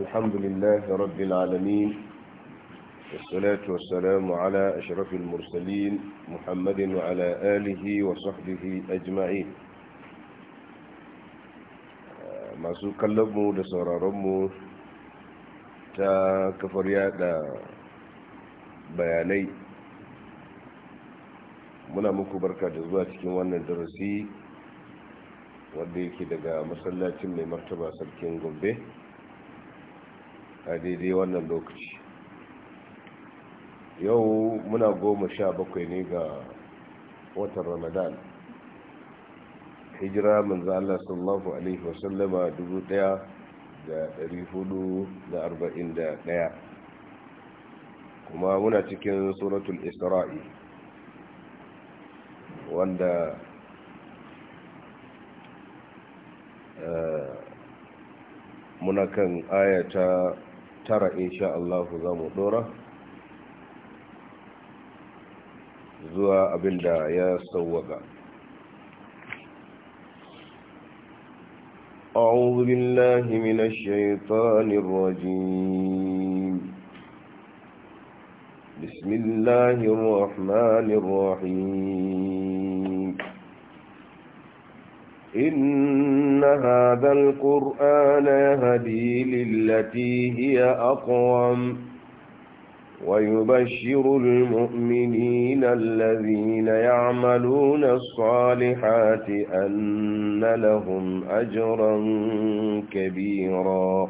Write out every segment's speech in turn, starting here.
الحمد لله رب العالمين والصلاة والسلام على أشرف المرسلين محمد وعلى آله وصحبه أجمعين masu kallonmu da sauraronmu ta kafar yada bayanai muna muku barka da zuwa cikin wannan darasi wanda yake daga masallacin mai martaba sarkin gobe. a daidai wannan lokaci yau muna goma sha bakwai ne ga watan ramadan hijira manzo Allah sallallahu alaihi sallama dubu daya da dari hudu da arba'in da daya kuma muna cikin suratul isra'i wanda eh, muna kan ayata tara insha Allah za mu dora zuwa abinda ya sauwaka أعوذ بالله من الشيطان الرجيم بسم الله الرحمن الرحيم إن هذا القرآن يهدي للتي هي أقوم ويبشر المؤمنين الذين يعملون الصالحات أن لهم أجرا كبيرا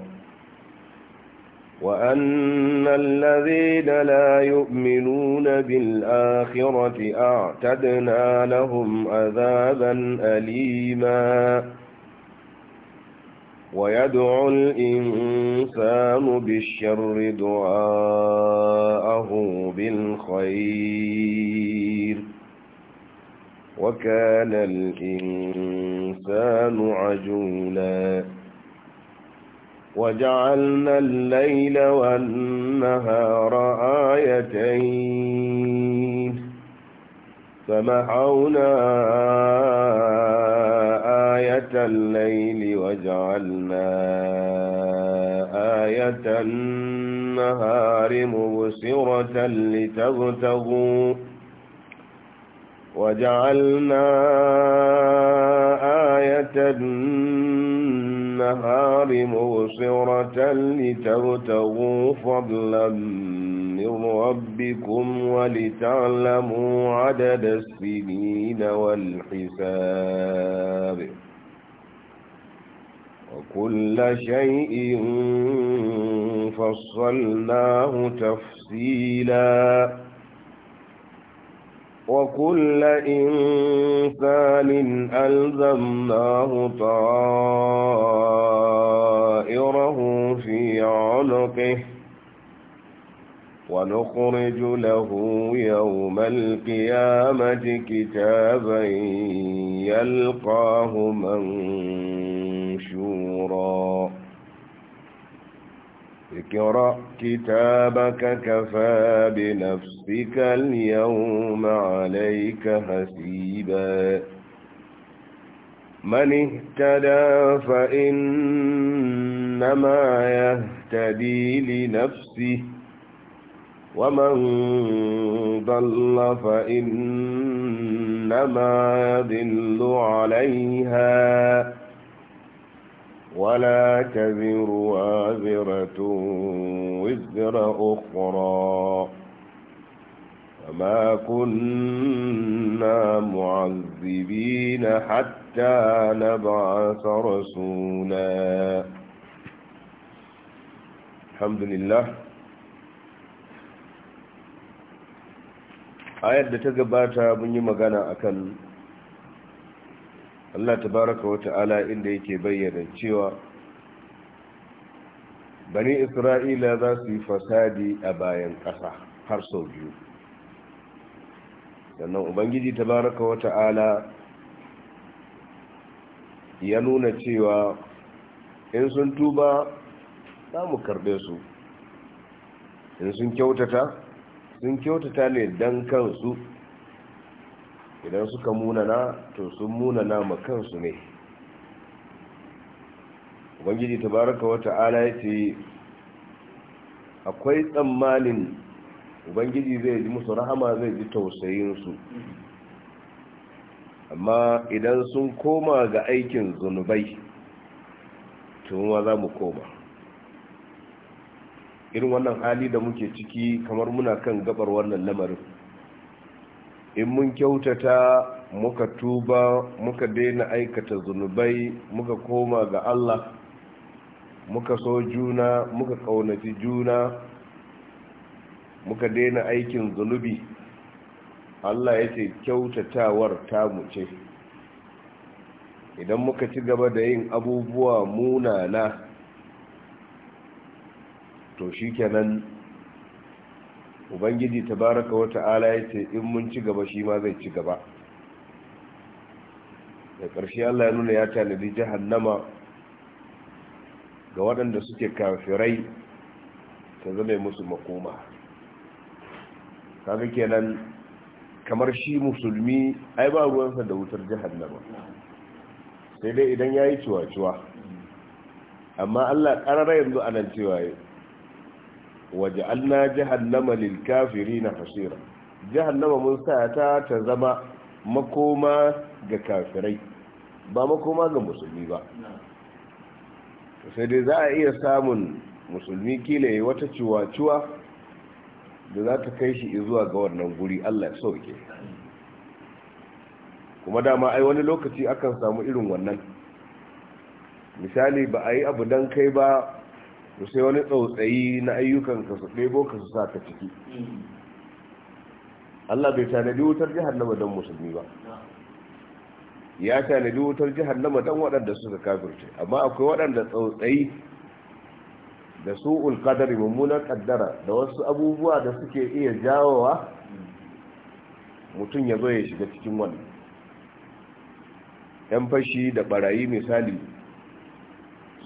وأن الذين لا يؤمنون بالآخرة أعتدنا لهم عذابا أليما ويدعو الإنسان بالشر دعاءه بالخير وكان الإنسان عجولاً وجعلنا الليل والنهار آيتين فمحونا آية الليل وجعلنا آية النهار مبصرة لتبتغوا وجعلنا آية النهار النهار مبصرة لتبتغوا فضلا من ربكم ولتعلموا عدد السنين والحساب وكل شيء فصلناه تفصيلاً وكل إنسان ألزمناه طائره في عنقه ونخرج له يوم القيامة كتابا يلقاه منشورا اقرأ كتابك كفى بنفسك اليوم عليك حسيبا من اهتدى فإنما يهتدي لنفسه ومن ضل فإنما يضل عليها ولا تذر وازرة وزر أخرى وما كنا معذبين حتى نبعث رسولا الحمد لله ayar da ta gabata mun yi magana akan Allah tabaraka wa ta'ala inda yake bayyana cewa bani isra'ila za su yi fasadi a bayan ƙasa har sau biyu sannan ubangiji tabaraka wa ta'ala ya nuna cewa in sun tuba za mu karbe su in sun kyautata sun kyautata ne don kansu idan suka munana to sun munana ma kansu ne ubangiji tabaraka wa ta'ala ya ce akwai tsammanin ubangiji zai ji musu rahama zai ji tausayinsu amma idan sun koma ga aikin zunubai tunwa za mu koma irin wannan hali da muke ciki kamar muna kan gabar wannan lamarin in mun kyautata muka tuba muka daina aikata zunubai muka koma ga Allah muka so juna muka kaunaci juna muka daina aikin zunubi Allah ya ce kyautatawar tamu ce idan muka ci gaba da yin abubuwa munana to shikenan ubangiji tabaraka wata ta'ala ya ce in mun ci gaba shi ma zai ci gaba da ƙarshe Allah ya nuna ya tanadi jahannama ga waɗanda suke kafirai ta zama musu makoma kaga kenan kamar shi musulmi ai ba ruwansa da wutar jihar jahannama sai dai idan ya yi ciwa-ciwa amma Allah ƙarara yanzu anan cewa Waje waj'alna jahannama lil kafirina hasira jahannama mun sa ta ta zama makoma ga kafirai ba makoma ga musulmi ba sai dai za a iya samun musulmi kila yi wata ciwa-ciwa da za ta kai shi zuwa ga wannan guri allah ya sauke kuma dama ai wani lokaci akan samu irin wannan misali ba a yi abu dan kai ba to sai wani tsautsayi na ayyukanka su ɗebo ka su sa ka ciki Allah bai tanadi wutar jahannama don musulmi ba ya tanadi wutar jihar don waɗanda suka kafirce amma akwai waɗanda tsautsayi da su ulkadari mummunar kaddara da wasu abubuwa da suke iya jawowa mutum ya zo ya shiga cikin wani. yan fashi da ɓarayi misali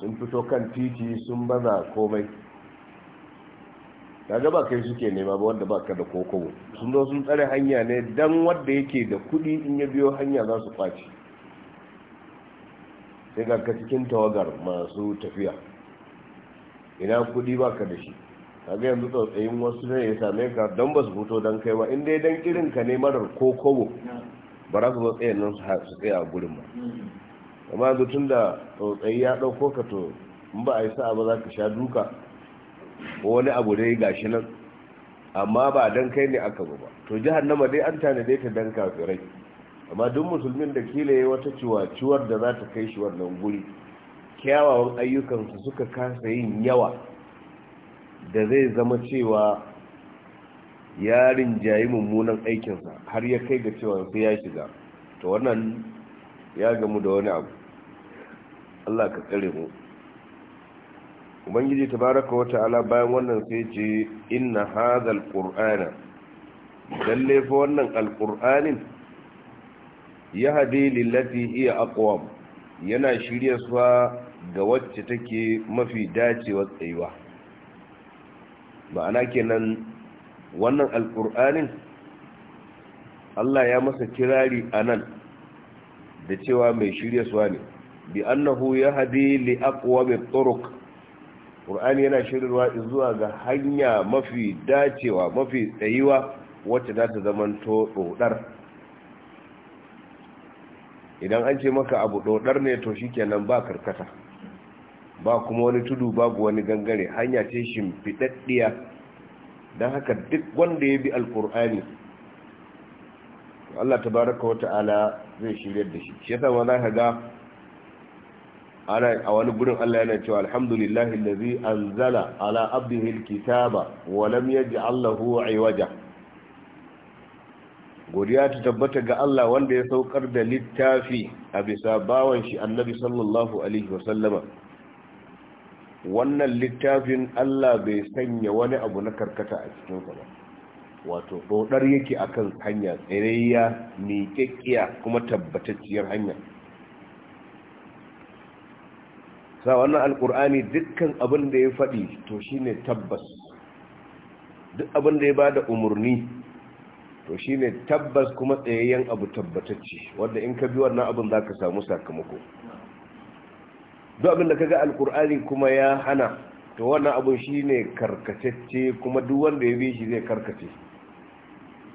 sun fito kan titi sun baza komai daga ba kai suke nema ba wanda ba ka da kokobo sun zo sun tsare hanya ne dan wanda yake da kudi in ya biyo hanya za su kwaci sai ga ka cikin tawagar masu tafiya ina kudi baka da shi kaga yanzu tsotsayin wasu ne ya same ka don ba su fito don kai ba inda dan irin ka ne marar kokowo ba za su zo tsaye nan su tsaya a gurin ba amma yanzu tun da tsotsayi ya ɗauko ka to in ba a yi sa'a ba za ka sha duka ko wani abu dai gashi nan amma ba don kai ne aka ba to nama dai an dai ta don kafirai amma duk musulmin da kila ya wata ciwar da za ta kai shi wannan guri kyawawan ayyukansu suka kasa yin yawa da zai zama cewa ya rinjayi mummunan aikinsa har ya kai ga cewa sai ya shiga to wannan ya gamu da wani abu Allah ka tsare mu ubangiji tabaraka wa ta'ala bayan wannan sai ce inna hadhal qur'ana dalle fa wannan alqur'anin yahdi lillati hiya aqwam yana shirye suwa ga wacce take mafi dacewa tsayuwa ma'ana kenan wannan alqur'anin Allah ya masa kirari anan da cewa mai shirye suwa ne bi annahu yahdi li aqwami turuq qur'ani yana shirarwa zuwa ga hanya mafi dacewa mafi tsayiwa wacce za ta zama to dodar idan an ce maka abu dodar ne to shikenan ba karkata ba kuma wani tudu babu wani gangare hanya ce shimfidaddiya don haka duk wanda ya bi alkur'ani Allah tabaraka wa ta'ala zai shirya da shi shi yasa ma za ka ga ana a wani gurin Allah yana cewa alhamdulillahi allazi anzala ala abdihi alkitaba wa lam yaj'al lahu iwaja godiya ta tabbata ga Allah wanda ya saukar da littafi a bisa bawan shi annabi sallallahu alaihi wa sallama wannan littafin Allah bai sanya wani abu na karkata a cikin ba wato dodar yake akan hanya tsirayya miƙaƙƙiya kuma tabbatacciyar hanya sa wannan alkur'ani dukkan abin da ya faɗi to shine tabbas duk abin da ya bada umarni to shine tabbas kuma tsayayyen abu tabbatacce wadda in ka bi wannan abin ka samu sakamako duk abin da ga alkur'ani kuma ya hana to wannan abin shine karkatacce kuma duk wanda ya bi shi zai karkace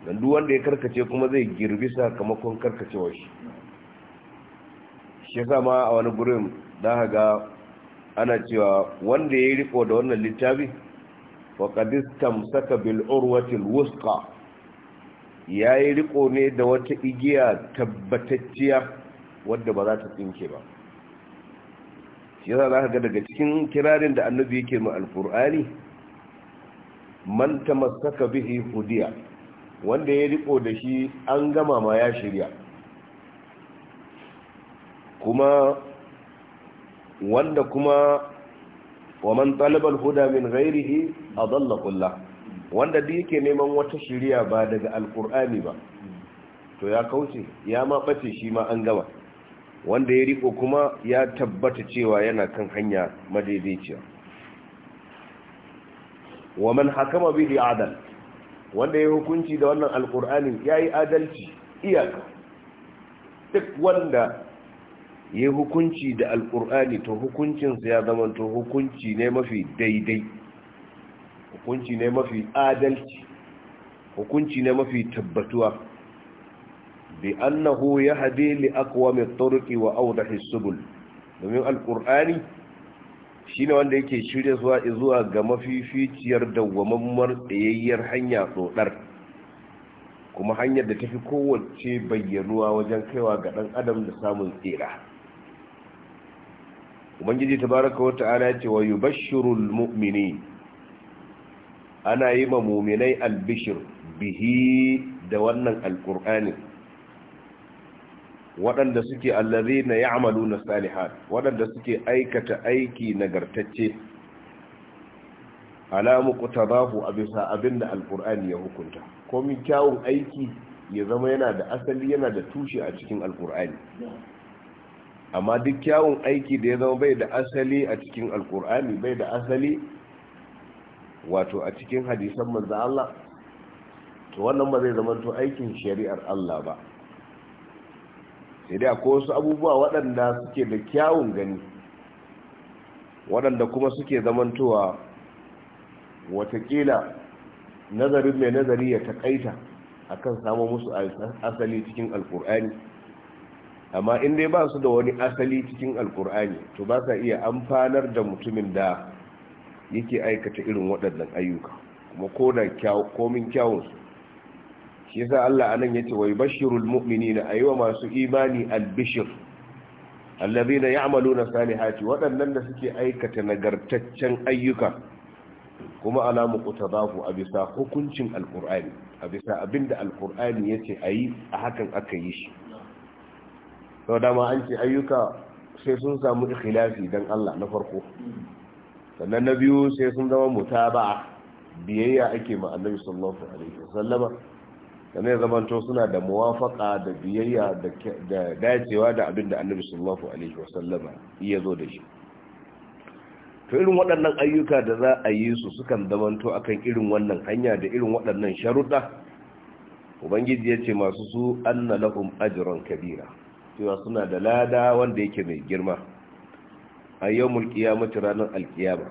don duk wanda ya karkace kuma zai girbi sakamakon karkacewa shi shi ma a wani gurin da ga ana cewa wanda ya riko da wannan littafi faƙadis tamsaka bil urwatil wuska ya yi riko ne da wata igiya tabbatacciya wadda ba za ta tsinke ba shi yasa za ka ga daga cikin kirarin da annabi yake mu alkur'ani man tamassaka bihi hudiya wanda ya riko da shi an gama ma ya shirya kuma wanda kuma wa man talabal huda min ghairihi adalla kullah wanda da yake neman wata shiriya ba daga alqur'ani ba to ya kauce ya ma bace shi ma an gama wanda ya riko kuma ya tabbata cewa yana kan hanya madaidaiciya wa man hakama bihi adal wanda ya hukunci da wannan alqur'ani yayi adalci iyaka duk wanda yi hukunci da alkur'ani to hukuncinsa ya zama to hukunci ne mafi daidai hukunci ne mafi adalci hukunci ne mafi tabbatuwa bi annahu ya hade li aqwami turqi wa awdahi subul domin alkur'ani shine wanda yake shirya zuwa zuwa ga mafificiyar dawwamammar tsayayyar hanya tsodar kuma hanyar da tafi kowace bayyanuwa wajen kaiwa ga dan adam da samun tsira ubangiji tabaraka wa ta'ala ya ce wa yubashshirul mu'mini ana yi ma mu'minai albishir bihi da wannan alqur'ani waɗanda suke allazina ya'maluna salihat waɗanda suke aikata aiki nagartacce alamu qutabahu abisa abinda alqur'ani ya hukunta min kyawun aiki ya zama yana da asali yana da tushe a cikin alqur'ani amma duk kyawun aiki da ya zama bai da asali a cikin alkur'ani bai da asali wato a cikin hadisan manzo Allah to wannan ba zai zama to aikin shari'ar Allah ba sai dai akwai wasu abubuwa waɗanda suke da kyawun gani waɗanda kuma suke zamantowa watakila nazarin mai nazari ya taƙaita akan samu musu asali cikin alkur'ani amma in dai ba su da wani asali cikin alkur'ani to ba sa iya amfanar da mutumin da yake aikata irin waɗannan ayyuka kuma ko da komin kyawunsu shi yasa Allah anan ce wai bashirul na mu'minina wa masu imani albishir allazina ya'maluna salihati waɗannan da suke aikata nagartaccen ayyuka kuma alamu ku a bisa hukuncin alkur'ani a bisa abinda ce yace ayi a hakan aka yi shi sau dama an ce ayyuka sai sun samu ikhilafi don Allah na farko sannan na biyu sai sun zama mutaba'a biyayya ake ma annabi sallallahu alaihi wasallama sannan ya to suna da muwafaka da biyayya da dacewa da abin da annabi sallallahu alaihi wasallama iya zo da shi to irin waɗannan ayyuka da za a yi su sukan zamanto akan irin wannan hanya da irin waɗannan sharuɗa ubangiji ya ce masu su anna lahum ajran kabira cewa suna da lada wanda yake mai girma a yau mulkiya mutu ranar alkiyama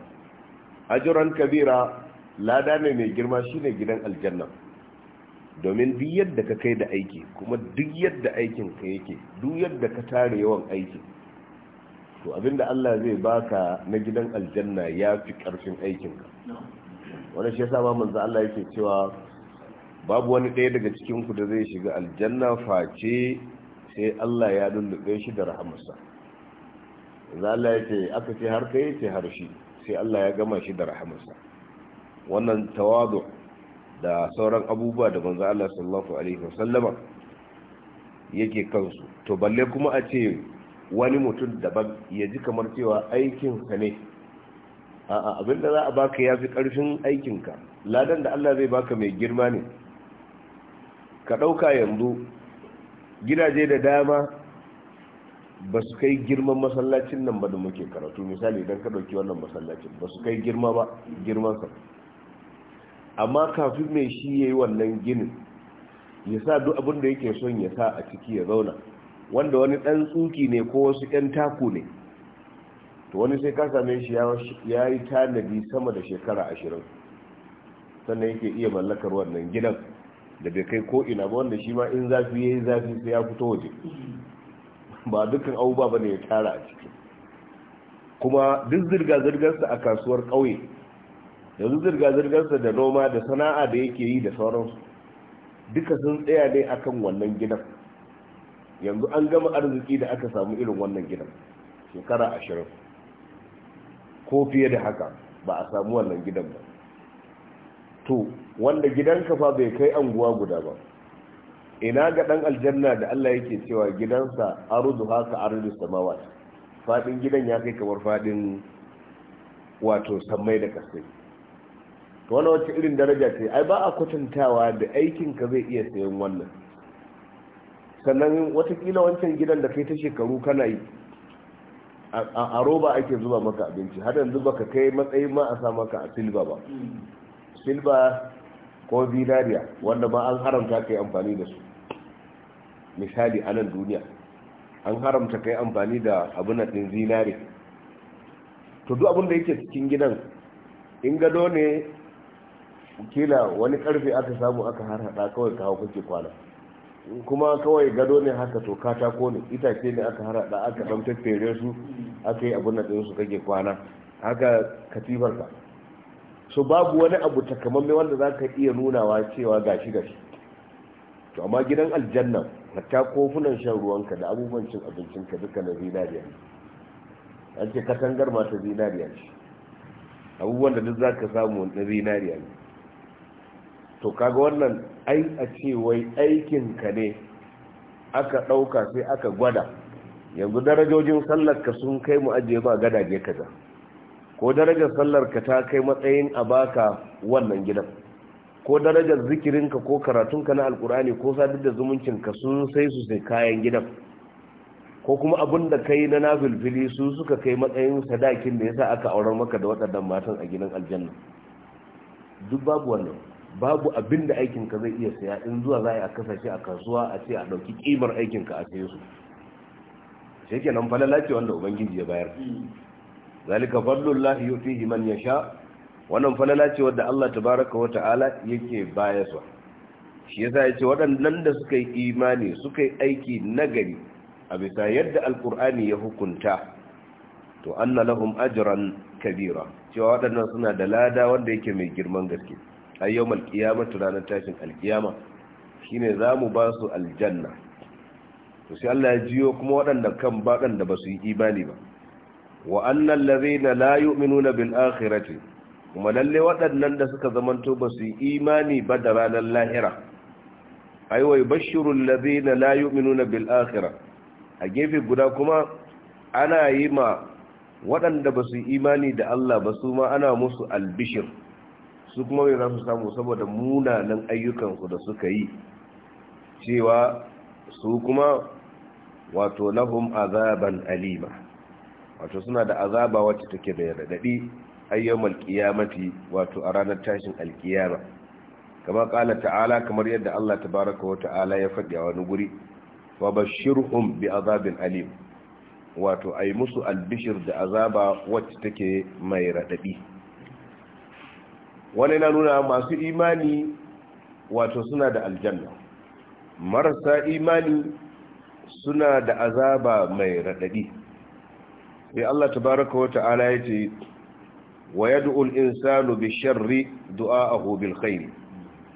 ajuran kabira lada ne mai girma shine gidan aljanna domin duk yadda ka kai da aiki kuma duk yadda aikin ka yake duk yadda ka tare yawan aiki to abinda Allah zai baka na gidan aljanna ya fi karfin aikinka wani shi yasa ba manzo Allah yake cewa babu wani ɗaya daga cikin ku da zai shiga aljanna face sai Allah ya lullube shi da rahamarsa za Allah ya ce aka ce har kai ce har shi sai Allah ya gama shi da rahamarsa wannan tawadu da sauran abubuwa da manzo Allah sallallahu alaihi wasallama yake kansu to balle kuma a ce wani mutum daban ya ji kamar cewa aikin ka ne a'a abinda za a baka ya karfin aikin aikinka ladan da Allah zai baka mai girma ne ka ɗauka yanzu gidaje da dama ba su kai girman masallacin nan ba da muke karatu misali idan ka ɗauki wannan masallacin ba su kai girma ba girmansa amma kafin mai shi ya yi wannan ginin ya sa duk abin da yake son ya sa a ciki ya zauna wanda wani ɗan tsuki ne ko wasu 'yan taku ne to wani sai ka same shi ya yi tanadi sama da shekara ashirin sannan yake iya mallakar wannan gidan da bai kai ko ina ba wanda shi ma in zafi ya yi zafi sai ya fito waje ba dukkan abubuwa ba ne ya tara a ciki kuma duk zirga-zirgarsa a kasuwar ƙauye duk zirga-zirgarsa da noma da sana'a da yake yi da sauransu duka sun tsaya ne kan wannan gidan yanzu an gama arziki da aka samu irin wannan gidan shekara ashirin ko fiye da haka ba a samu wannan gidan ba to wanda gidan kafa bai kai anguwa guda ba ina ga dan aljanna da Allah yake cewa gidansa ardu haka ardu samawat fadin gidan ya kai kamar fadin wato sammai da kasai to wannan wace irin daraja ce ai ba a kwatantawa da aikin ka zai iya sayan wannan sannan watakila wancan gidan da kai ta shekaru kana yi a roba ake zuba maka abinci har yanzu baka kai matsayin ma a sa maka a silba ba mm. silba ko zinariya wanda ma an haramta ka yi amfani da su misali a nan duniya an haramta ka yi amfani da abin ɗin zinari to duk abin da yake cikin gidan in gado ne kila wani karfe aka samu aka har hada kawai kawo kake kwana kuma kawai gado ne haka to katako ne itace ne aka har hada aka ɗan fere su aka yi abin ɗin su kake kwana haka katifarka so babu wani abu takamamme wanda za ka iya nunawa cewa gashi gashi to amma gidan aljanna hatta kofunan shan ruwanka da abubuwan cin abincinka duka na zinariya an ce katangar ta zinariya ce abubuwan da duk za ka samu na zinariya ne to kaga wannan ai a ce wai aikinka ne aka ɗauka sai aka gwada yanzu darajojin sallar ka sun kai mu ajiye ba gadaje kaza ko darajar sallar ka ta kai matsayin a baka wannan gidan ko darajar zikirinka ko karatunka na alkur'ani ko sadar da zumuncinka sun sai su sai kayan gidan ko kuma abin da kai na nafilfili su suka kai matsayin sadakin da ya sa aka aurar maka da waɗannan matan a gidan aljanna duk babu wannan babu abin da aikinka zai iya saya in zuwa za a kasashe a kasuwa a ce a ɗauki ƙimar aikinka a saye su shi kenan falala ce wanda ubangiji ya bayar zalika fadlullahi yutihi man yasha wannan falala ce da Allah tabaaraka wa ta'ala yake su shi yasa yace waɗannan da suka yi imani suka yi aiki nagari a bisa yadda alkur'ani ya hukunta to anna lahum ajran kabira cewa waɗannan suna da lada wanda yake mai girman gaske a yawmal qiyamah ranar tashin alkiyama shine zamu ba su aljanna to sai Allah ya jiyo kuma waɗanda kan baɗan da basu yi imani ba wa annal na la yu'minuna bil akhirati kuma lalle waɗannan da suka zamanto ba su yi imani ba da ranar lahira ai bashirun bashirul ladhina la yu'minuna bil akhirah a gefe guda kuma ana yi ma waɗanda ba su yi imani da Allah ba su ma ana musu albishir su kuma mai za su samu saboda munanan ayyukansu da suka yi cewa su kuma wato lahum azaban alima wato suna da azaba wacce take da radadi ayyamul qiyamati wato a ranar tashin alkiyama kama kala ta'ala kamar yadda Allah tabaraka wa ta'ala ya faɗi a wani guri wa bashirhum bi azabin alim wato ai musu albishir da azaba wacce take mai radadi wani na nuna masu imani wato suna da aljanna marasa imani suna da azaba mai radadi ya Allah tabaraka wa ta'ala yace wa yad'u al-insanu bi-sharri du'a'ahu bil-khair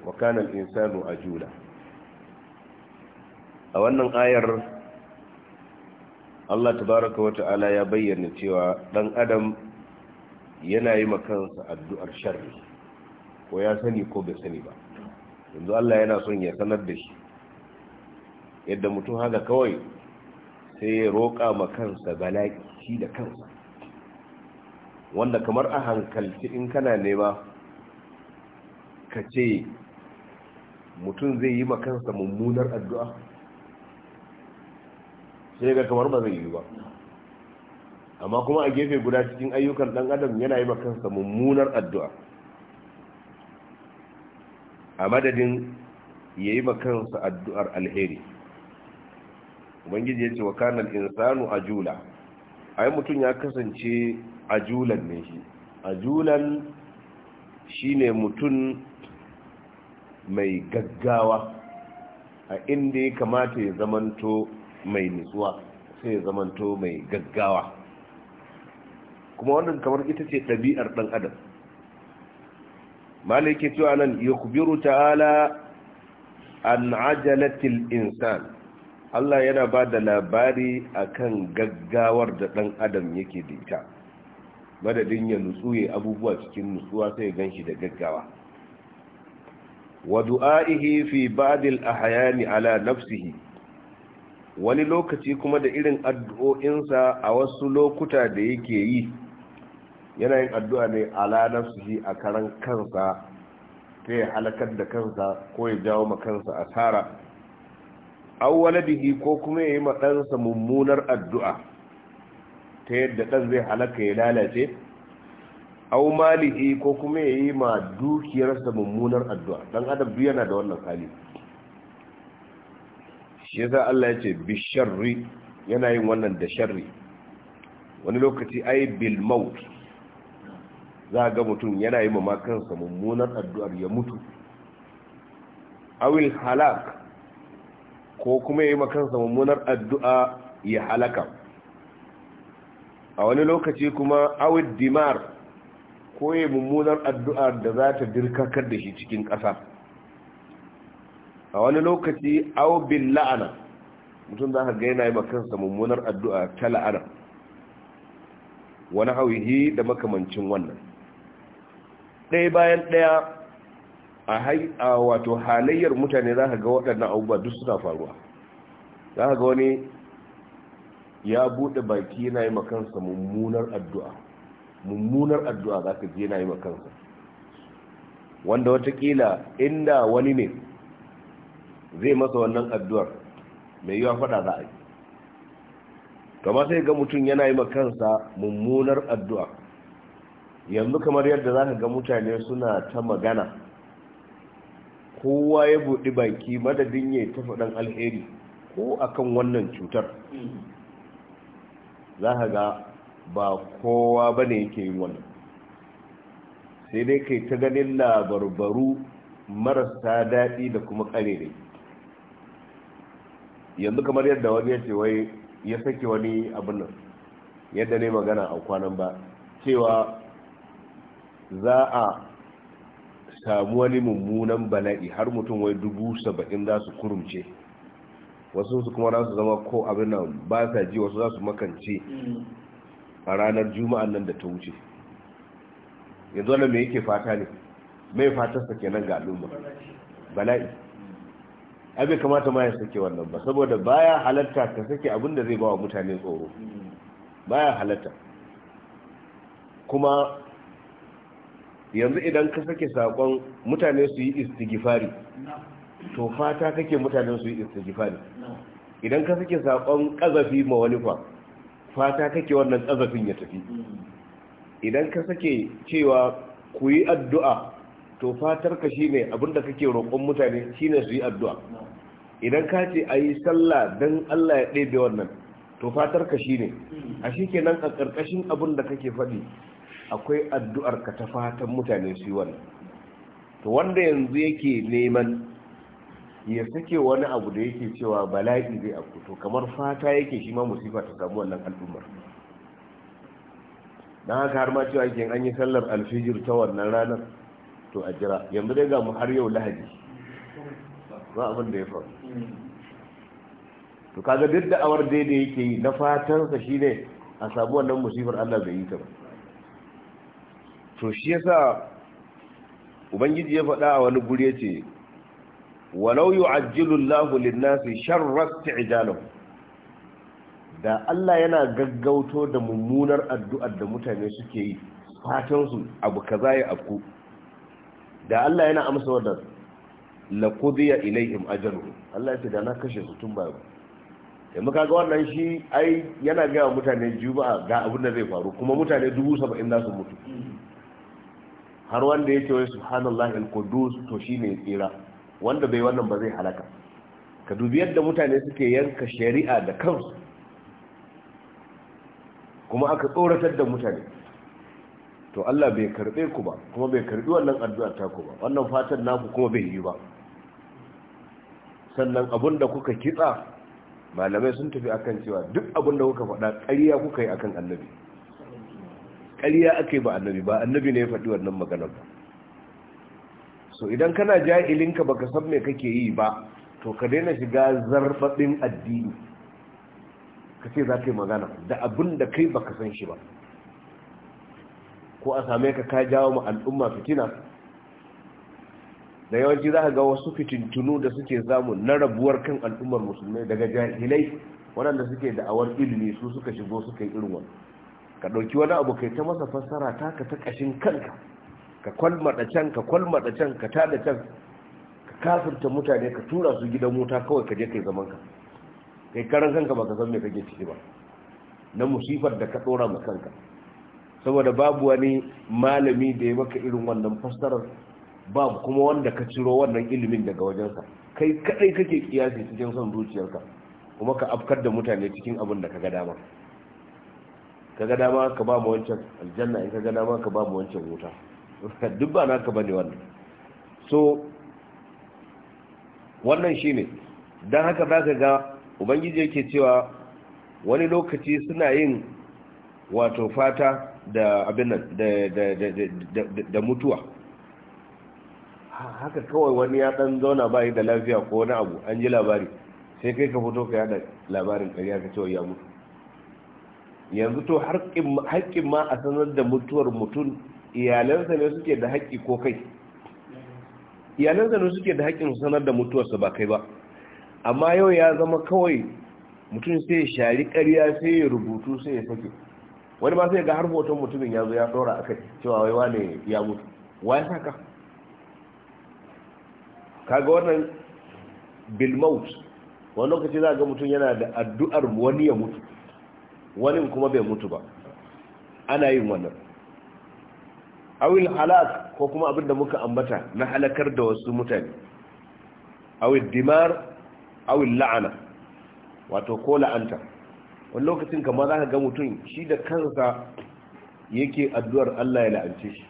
wa kana al-insanu ajula a wannan ayar Allah tabaraka wa ta'ala ya bayyana cewa dan adam yana yi makansa addu'ar sharri ko ya sani ko bai sani ba yanzu Allah yana son ya sanar da shi yadda mutum haka kawai sai ya roƙa ma kansa bala'i da kansa wanda kamar a hankalci in kana nema ka ce mutum zai yi ma kansa mummunar addu'a sai ga kamar ba zai yi ba amma kuma a gefe guda cikin ayyukan ɗan adam yana yi ma kansa mummunar addu'a a madadin ya yi ma kansa addu'ar alheri ubangiji ya ce wa kanal insanu ajula ai mutum ya kasance ajulan ne shi ajulan shine mutum mai gaggawa a inda ya kamata ya zamanto mai nutsuwa sai ya zamanto mai gaggawa kuma wannan kamar ita ce ɗabi'ar ɗan adam malai ke cewa nan ya kubiru ta'ala an ajalatil insan Allah yana ba da labari a kan gaggawar da ɗan adam yake da ita madadin ya nutsu ya abubuwa cikin nutsuwa sai gan shi da gaggawa Wadu a'ihi fi ba'dil a hayani ala nafsihi wani lokaci kuma da irin addu'o'insa a wasu lokuta da yake yi yana yin addu'a ne ala nafsihi a karan kansa sai halakar da kansa ko ya jawo ma kansa asara auwaladihi ko kuma yayi ma mummunar addu'a ta yadda ɗan zai halaka ya lalace aw malihi ko kuma yayi ma dukiyarsa mummunar addu'a dan adam duk yana da wannan hali shi yasa Allah ya ce bi sharri yana yin wannan da sharri wani lokaci ai bil maut za ga mutum yana yi ma kansa mummunar addu'ar ya mutu awil halak ko kuma yi makansa mummunar addu'a ya halaka a wani lokaci kuma awid dimar ko yi mummunar addu'a da za ta dirkakar da shi cikin ƙasa a wani lokaci awubin la'ana mutum za ka gaina yi makansa mummunar addu'a ta la'ana wani hauhi da makamancin wannan ɗaya bayan ɗaya a wato halayyar mutane za ka ga waɗannan abubuwa duk suna faruwa za ka ga wani ya buɗe baki yana yi makansa mummunar addu'a mummunar addu'a za ka je yana yi makansa wanda watakila inda wani ne zai masa wannan addu'ar mai yiwa faɗa za a yi kama sai ga mutum yana yi makansa mummunar addu'a yanzu kamar yadda za ka ga mutane suna ta magana kowa ya buɗi baki madadin ya tafi ɗan alheri ko akan wannan cutar za ka ga ba kowa ba ne yake yin wannan sai dai kai ta ganin labarbaru marasa daɗi da kuma ƙare ne yanzu kamar yadda wani ya ce wai ya sake wani abin nan yadda ne magana a kwanan ba cewa za a samu wani mummunan bala'i har mutum wai dubu saba'in za su kurumce wasu su kuma za su zama ko abin nan ba sa ji wasu za su makance a ranar juma'an nan da ta wuce yanzu wani mai yake fata ne mai fatarsa nan ga al'umma bala'i abin kamata ma ya sake wannan ba saboda baya halatta ka sake abin da zai ba wa mutane tsoro baya halatta kuma yanzu idan ka sake sakon mutane su yi istigifari to fata kake mutane su yi istigifari idan ka sake sakon kazafi ma wani fa fata kake wannan kazafin ya tafi idan ka sake cewa ku yi addu'a to fatar ka shine abinda kake roƙon mutane shine su yi addu'a idan ka ce a yi sallah don Allah ya ɗebe wannan to fatar ka shine a shi kenan a ƙarƙashin abin da kake faɗi akwai addu'ar ka ta fatan mutane su yi wannan to wanda yanzu yake neman ya sake wani abu da yake cewa bala'i zai abu, to kamar fata yake shi ma musifa ta samu wannan al'ummar don haka har ma cewa yake an yi sallar alfijir ta wannan ranar to a jira yanzu dai ga mu har yau lahadi ba abin da ya faru to kaga duk da'awar daidai yake yi na fatansa shine a samu wannan musifar Allah bai yi ta ba to shi yasa ubangiji ya faɗa a wani guri yace walau yu'ajjilu Allahu lin-nasi sharra isti'jalihim da Allah yana gaggauto da mummunar addu'ar da mutane suke yi fatan su abu kaza ya abu, da Allah yana amsa wannan la qudiya ilaihim ajruhum Allah yace da na kashe su tun ba muka ga wannan shi ai yana ga mutane juma'a ga abin da zai faru kuma mutane 70 za su mutu har wanda ya ce wai subhanallahi al-qudus to shine tsira wanda bai wannan ba zai halaka ka dubi yadda mutane suke yanka shari'a da kansu kuma aka tsoratar da mutane to Allah bai karbe ku ba kuma bai karbi wannan addu'a ta ku ba wannan fatan naku kuma bai yi ba sannan abun da kuka kitsa malamai sun tafi akan cewa duk abin da kuka faɗa ƙarya kuka yi akan annabi ƙarya ake ba annabi ba annabi ne ya faɗi wannan maganar ba so idan kana ja'ilinka baka san me kake yi ba to ka daina shiga zarbaɗin addini ka ce za ka yi magana da abin da kai baka san shi ba ko a same ka ka jawo ma al'umma fitina da yawanci za ka ga wasu fitintunu da suke samu na rabuwar kan al'ummar musulmai daga jahilai waɗanda suke da'awar ilimi su suka shigo suka yi irin wannan ka ɗauki wani abu kai ta masa fassara ta ka ta ƙashin kanka ka kwalmaɗa can ka kwalmaɗa can ka tada can ka kafirta mutane ka tura su gidan mota kawai ka je kai zaman ka kai karan kanka ba ka san me kake ciki ba na musifar da ka ɗora ma kanka saboda babu wani malami da ya maka irin wannan fassarar babu kuma wanda ka ciro wannan ilimin daga wajensa kai kadai kake kiyasi cikin son zuciyarka kuma ka afkar da mutane cikin abin da ka ga dama ka ga dama ka ba mu wancan aljanna in ka ga dama ka ba mu wancan wuta duk ba naka bane wannan so wannan shine dan haka ka ga ubangiji yake cewa wani lokaci suna yin wato fata da abin da da da da mutuwa haka kawai wani ya dan zauna bai da lafiya ko wani abu an ji labari sai kai ka fito ka yada labarin ƙarya ka cewa ya mutu yanzu to haƙƙin ma a sanar da mutuwar mutum iyalansa ne suke da haƙƙi ko kai iyalansa ne suke da haƙƙin sanar da mutuwarsa ba kai ba amma yau ya zama kawai mutum sai ya shari ƙarya sai ya rubutu sai ya sake wani ma sai ga har hoton mutumin ya zo ya ɗora aka cewa wai wane ya mutu wa ya saka kaga wannan bilmaut wani lokaci za ga mutum yana da addu'ar wani ya mutu wani kuma bai mutu ba ana yin wannan awil halak ko kuma abin da muka ambata na halakar da wasu mutane awil dimar awil la'ana wato ko la'anta wani lokacin kamar za ka ga mutum shi da kansa yake addu'ar Allah ya la'ance shi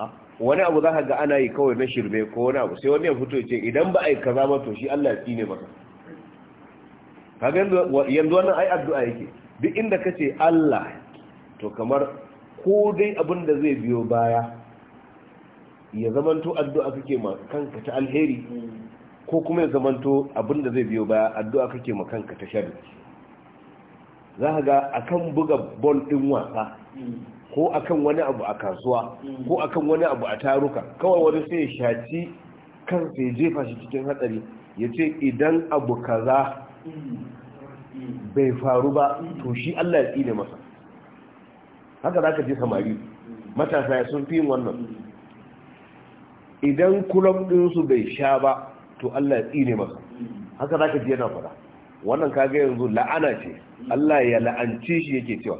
ah, wani abu za ka ga ana yi kawai na shirme ko wani abu sai wani ya fito ce idan ba a yi kaza ba to shi Allah ya tsine maka kaga yanzu wannan ai addu'a yake duk inda ka ce Allah to kamar ko dai abin da zai biyo baya ya zamanto addu'a kake ma kanka ta alheri ko kuma ya zamanto abin da zai biyo baya addu'a kake ma kanka ta shari, za ka ga akan buga bol ɗin wasa ko akan wani abu a kasuwa ko akan wani abu a taruka kawai wani sai ya shaci kansa ya jefa shi cikin hatsari ya ce idan abu kaza bai faru ba to shi Allah ya tsine masa haka za ka je samari matasa ya sun fi yin wannan idan kulob ɗinsu bai sha ba to Allah ya tsine masa haka za ka je yana fara wannan kaga yanzu la'ana ce Allah ya la'ance shi yake cewa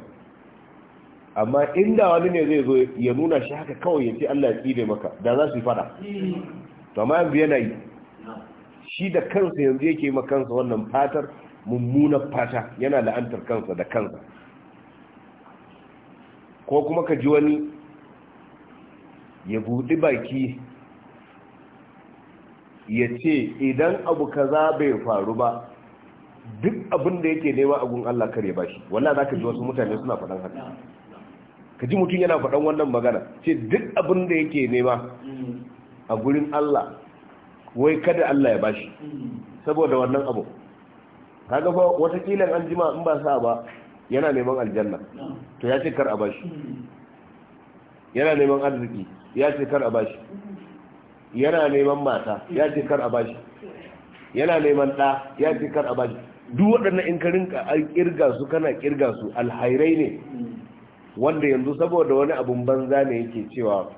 amma inda wani ne zai zo ya nuna shi haka kawai ya ce Allah ya tsine maka da za su yi to amma yanzu yana yi shi da kansa yanzu yake makansa wannan fatar mummunar fata yana la'antar kansa da kansa ko kuma ka ji wani ya buɗi baki ya ce idan abu kaza bai faru ba duk abin da yake nema abun Allah kare ba shi walla za ka ji wasu mutane suna faɗan haka ka ji mutum yana faɗan wannan magana ce duk abin da yake nema a gurin Allah wai kada Allah ya bashi saboda wannan abu kaga fa watakila an jima in ba sa ba yana neman aljanna to ya ce kar a bashi yana neman arziki ya ce kar a bashi yana neman mata ya ce kar a bashi yana neman ɗa ya ce kar a bashi duk waɗannan in ka rinka an kirga su kana kirga su alhairai ne wanda yanzu saboda wani abun banza ne yake cewa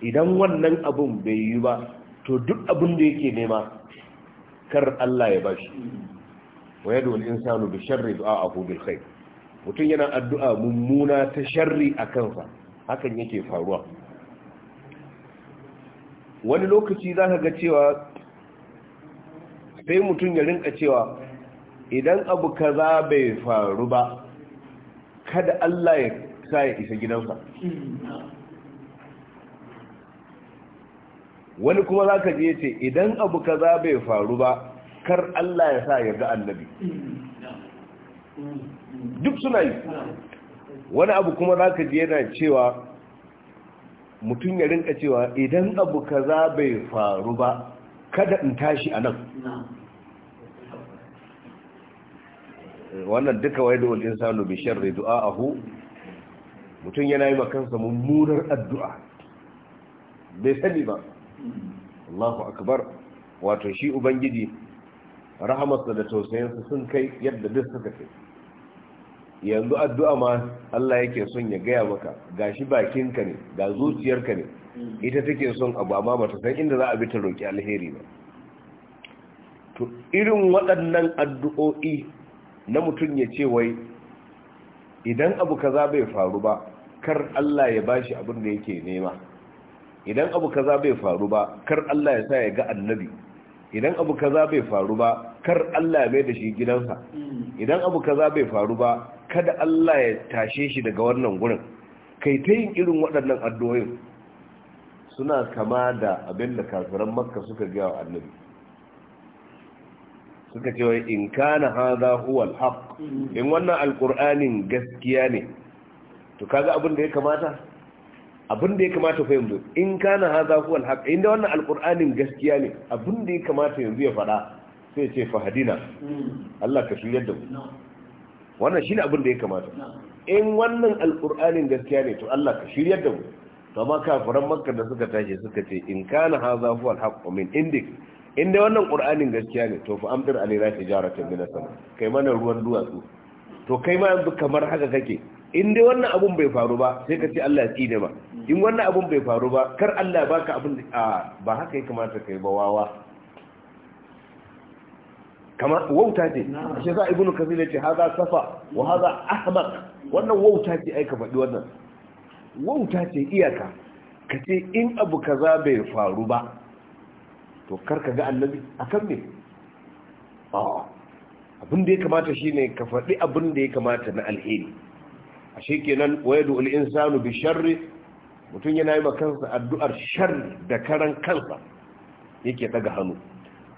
idan wannan abun bai yi ba to duk abun da yake nema kar Allah ya bashi wa yadu al insanu bi sharri du'a'ahu bil khair mutum yana addu'a mummuna ta sharri a kansa hakan yake faruwa wani lokaci za ga cewa sai mutum ya rinka cewa idan abu kaza bai faru ba kada Allah ya sa ya isa gidansa wani kuma zaka je ce idan abu kaza bai faru ba kar Allah ya sa ya ga annabi duk suna yi wani abu kuma za ka je yana cewa mutum ya rinka cewa idan abu kaza bai faru ba kada in tashi a nan wannan duka wai da wajen sanu bi sharri du'a a hu mutum yana yi makansa mummunar addu'a bai sani ba Allahu akbar wato shi ubangiji rahamarsa da tausayinsa sun kai yadda duk suka kai yanzu addu'a ma Allah yake son ya gaya maka gashi bakinka ne ga zuciyarka ne ita take son abu amma ba ta san inda za a bi ta roki alheri ba to irin waɗannan addu'o'i na mutum ya ce wai idan abu kaza bai faru ba kar Allah ya bashi abin da yake nema idan abu kaza bai faru ba kar Allah ya sa ya ga annabi idan abu kaza bai faru ba kar Allah ya mai da shi gidansa idan abu kaza bai faru ba kada Allah ya tashe shi daga wannan gurin kai ta yin irin waɗannan addu'o'in suna kama da abin da kafiran makka suka ga wa annabi suka ce wai in kana hadha huwa alhaq haq in wannan alqur'anin gaskiya ne to kaga abin da ya kamata abin da ya kamata fa yanzu in kana hadha huwa alhaq inda wannan alqur'anin gaskiya ne abin da ya kamata yanzu ya fada sai ce fahadina Allah ka shirya da mu wannan shine abin da ya kamata in wannan alqur'anin gaskiya ne to Allah ka shirya da mu to amma kafiran makka da suka tashi suka ce in kana hadha huwa alhaq min indik in dai wannan qur'anin gaskiya ne to fa amdir alaina tijaratan min sama kai mana ruwan duwatsu to kai ma yanzu kamar haka kake in dai wannan abun bai faru ba sai ka ce Allah ya tsine ba in wannan abun bai faru ba kar Allah baka abun ba haka ya kamata kai ba wawa kamar wauta ce shi sa ibnu kabir ce haza safa wa haza ahmaq wannan wauta ce ai ka faɗi wannan wauta ce iyaka ka ce in abu kaza bai faru ba to kar ka ga annabi akan me abin da ya kamata shine ka faɗi abin da ya kamata na alheri ashe kenan wayadu al-insanu bi sharri mutum yana yi ma kansa addu'ar sharri da karan kansa yake daga hannu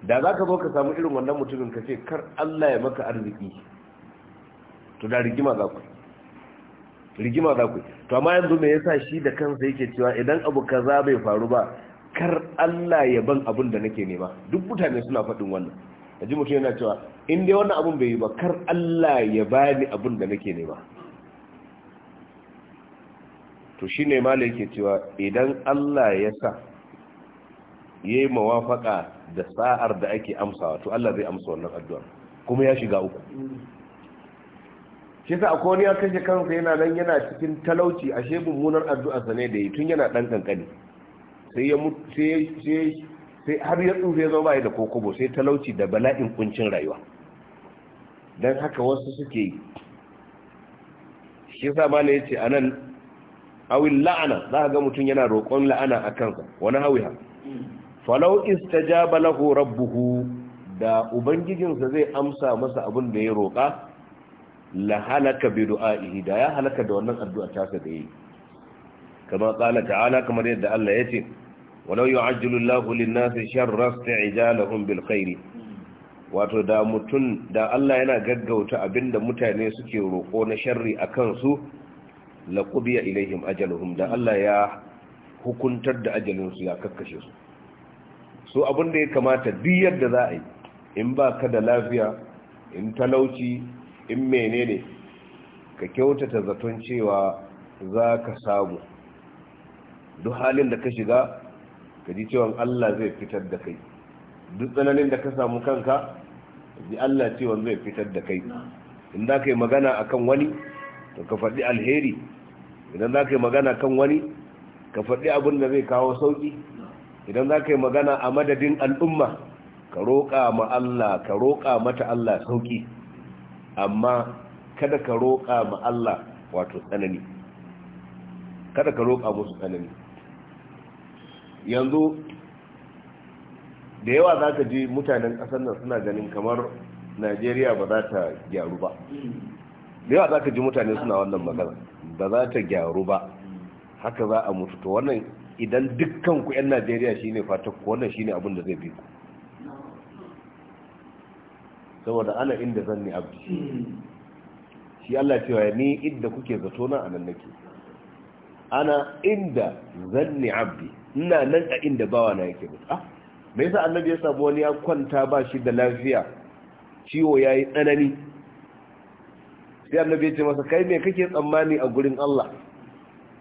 da za ka zo ka samu irin wannan mutumin ka ce kar Allah ya maka arziki to da rigima za ku rigima za ku to amma yanzu me yasa shi da kansa yake cewa idan abu kaza bai faru ba kar Allah ya ban abin da nake nema duk mutane suna faɗin wannan ji mutum yana cewa in dai wannan abun bai yi ba kar Allah ya bani abin da nake nema to shine malai yake cewa idan Allah ya sa yayi mawafaka da sa'ar da ake amsa to Allah zai amsa wannan addu'a kuma ya shiga uku shi sa akwai wani ya kashe kansa yana nan yana cikin talauci ashe munar addu'a sa ne da yi tun yana dan kankani sai ya sai har ya tsufe zo bai da kokobo sai talauci da bala'in kuncin rayuwa dan haka wasu suke yi shi sa mala yace anan awin la'ana za ga mutum yana roƙon la'ana a kansa wani hawiha falau istajaba lahu rabbuhu da ubangijinsa zai amsa masa abin da ya roƙa la halaka bi du'aihi da ya halaka da wannan addu'a ta sa da yi kama qala ta'ala kamar yadda Allah yace walau yu'ajjilu Allahu lin-nasi sharra isti'jalahum bil khair wato da mutun da Allah yana gaggauta abinda mutane suke roƙo na sharri akan su la qudiya ilaihim ajaluhum da Allah ya hukuntar da ajalinsu ya kakkashe su so abin da ya kamata duk yadda za a yi in ba ka da lafiya in talauci in menene ka kyautata zaton cewa za ka samu duk halin da ka shiga ka ji cewa Allah zai fitar da kai duk tsananin da ka samu kanka ji Allah cewa zai fitar da kai in za ka yi magana a kan wani to ka faɗi alheri idan za ka yi magana kan wani ka faɗi abin da zai kawo sauƙi idan za ka yi magana a madadin al'umma ka roƙa ma Allah ka roƙa mata Allah sauƙi amma kada ka roƙa ma Allah wato tsanani kada ka roƙa musu tsanani yanzu da yawa za ka ji mutanen ƙasar nan suna ganin kamar najeriya ba za ta gyaru ba da yawa za ka ji mutane suna wannan magana ba za ta gyaru ba haka za a mutu to wannan idan dukkan ku 'yan najeriya shine fatan ku wannan shine abin da zai bi ku saboda ana inda zan ni abdi shi Allah cewa ni inda kuke zato na anan nake ana inda zan ni abdi ina nan a inda bawa na yake mutu ah me yasa annabi ya samu wani ya kwanta ba shi da lafiya ciwo yayi tsanani sai annabi ya ce masa kai me kake tsammani a gurin Allah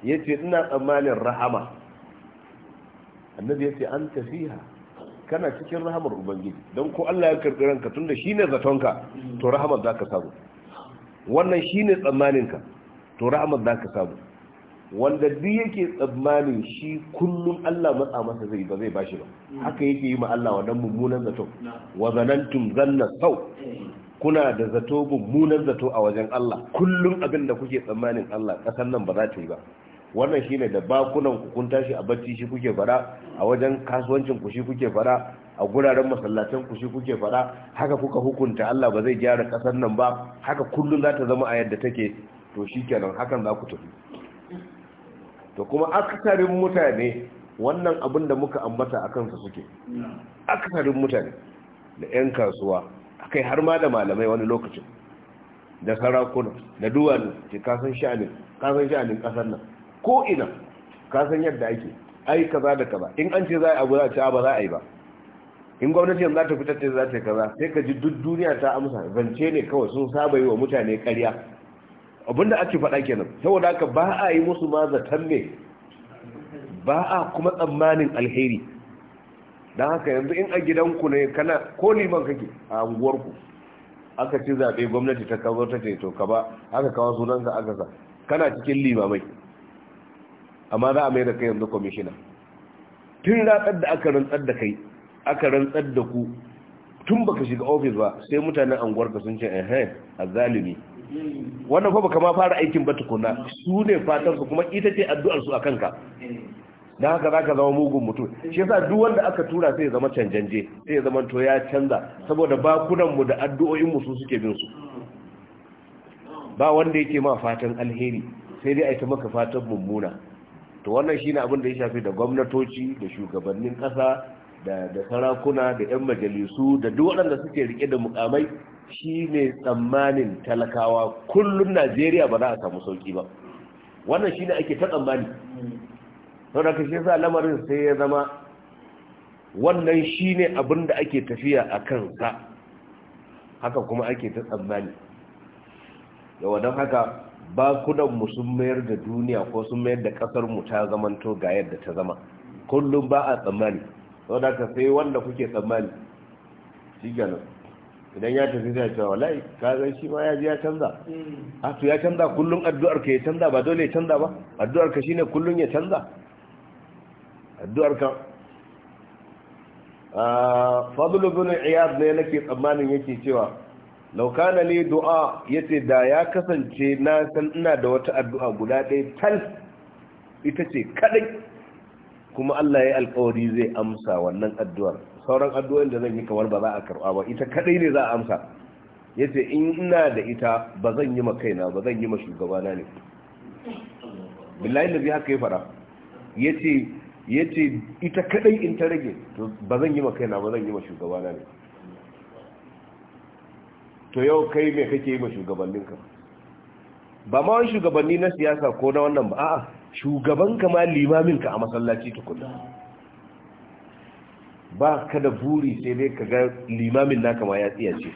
yace ina tsammanin rahama annabi ya ce an tafiha kana cikin rahamar ubangiji don ko Allah ya karɓi ranka tunda shine zatonka to rahamar zaka samu wannan shine tsammaninka to rahamar zaka samu wanda duk yake tsammanin shi kullum Allah matsa masa zai ba zai bashi ba haka yake yi ma Allah wannan mummunan zato wa zanantum zanna sau kuna da zato mummunan zato a wajen Allah kullum abin da kuke tsammanin Allah kasan nan ba za ta yi ba wannan shine da bakunan ku kun tashi a bacci shi kuke fara a wajen kasuwancin ku shi kuke fara a guraren masallatan ku shi kuke fara haka kuka hukunta Allah ba zai gyara kasar nan ba haka kullun za ta zama a yadda take to shikenan hakan za ku tafi to kuma aksarin mutane wannan abin da muka ambata a kansa suke aksarin mutane da 'yan kasuwa kai har ma da malamai wani lokacin da sarakuna da duwan ke kasan sha'anin kasan sha'anin kasar nan ko ina ka san yadda ake ai kaza da kaza in an ce za a yi abu za a ce ba za a yi ba in gwamnati yanzu za ta fitar ce za ta yi kaza sai ka ji duk duniya ta amsa zance ne kawai sun saba yi wa mutane karya abinda ake faɗa kenan saboda haka ba a yi musu ma zaton ne ba a kuma tsammanin alheri don haka yanzu in a gidanku ne kana ko liman kake a unguwarku aka ci zaɓe gwamnati ta kawo ta ce to ka ba aka kawo ka aka sa kana cikin limamai amma za a mai da kai yanzu kwamishina tun ratsar da aka rantsar da kai aka rantsar da ku tun baka shiga ofis ba sai mutanen anguwarka sun ce ehem a zalimi wannan kuma baka ma fara aikin ba tukuna su ne fatan su kuma ita ce addu'ar su akan ka dan haka ka zama mugun mutum shi yasa duk wanda aka tura sai ya zama canjanje sai ya zama to ya canza saboda bakunan mu da addu'o'in mu su suke bin su ba wanda yake ma fatan alheri sai dai a ta maka fatan mummuna to wannan ne abin da ya shafi da gwamnatoci da shugabannin ƙasa da sarakuna da 'yan majalisu da duk waɗanda suke rike da mukamai Shi ne tsammanin talakawa kullum najeriya ba za a samu sauki ba wannan shi ne ake ta tsammani sau da kashe sa lamarin sai ya zama wannan shine abin da ake tafiya a kan sa haka kuma ake ta tsammani yawa don haka bankunanmu sun mayar da duniya ko sun mayar da mu ta zamanto ga yadda ta zama kullum ba a tsammani da ka sai wanda kuke tsammani shi ganin idan ya tafi zai cewa wallahi ka zai shi ma ya ji ya canza hmm. a ah, to ya canza kullum addu'ar ka ya canza ba dole ya canza ba addu'ar ka shine kullum ya canza addu'ar ka ah, fadlu bin iyad ne nake tsammanin yake cewa laukana ne du'a ya ce da ya kasance na san ina da wata addu'a guda ɗaya tal ita ce kaɗai kuma Allah ya yi alƙawari zai amsa wannan addu'ar sauran addu'ar da zan yi kamar ba za a karɓa ba ita kaɗai ne za a amsa ya ce in ina da ita ba zan yi ma kaina ba zan yi ma shugabana ne billahi da zai haka ya fara ya ce ita kaɗai in ta rage ba zan yi ma kaina ba zan yi ma shugabana ne to yau kai mai kake yi ma shugabanninka ba ma wani shugabanni na siyasa ko na wannan ba a'a shugabanka ma limaminka a masallaci tukuna ba ka da buri sai dai ka ga limamin naka ma ya tsiya ce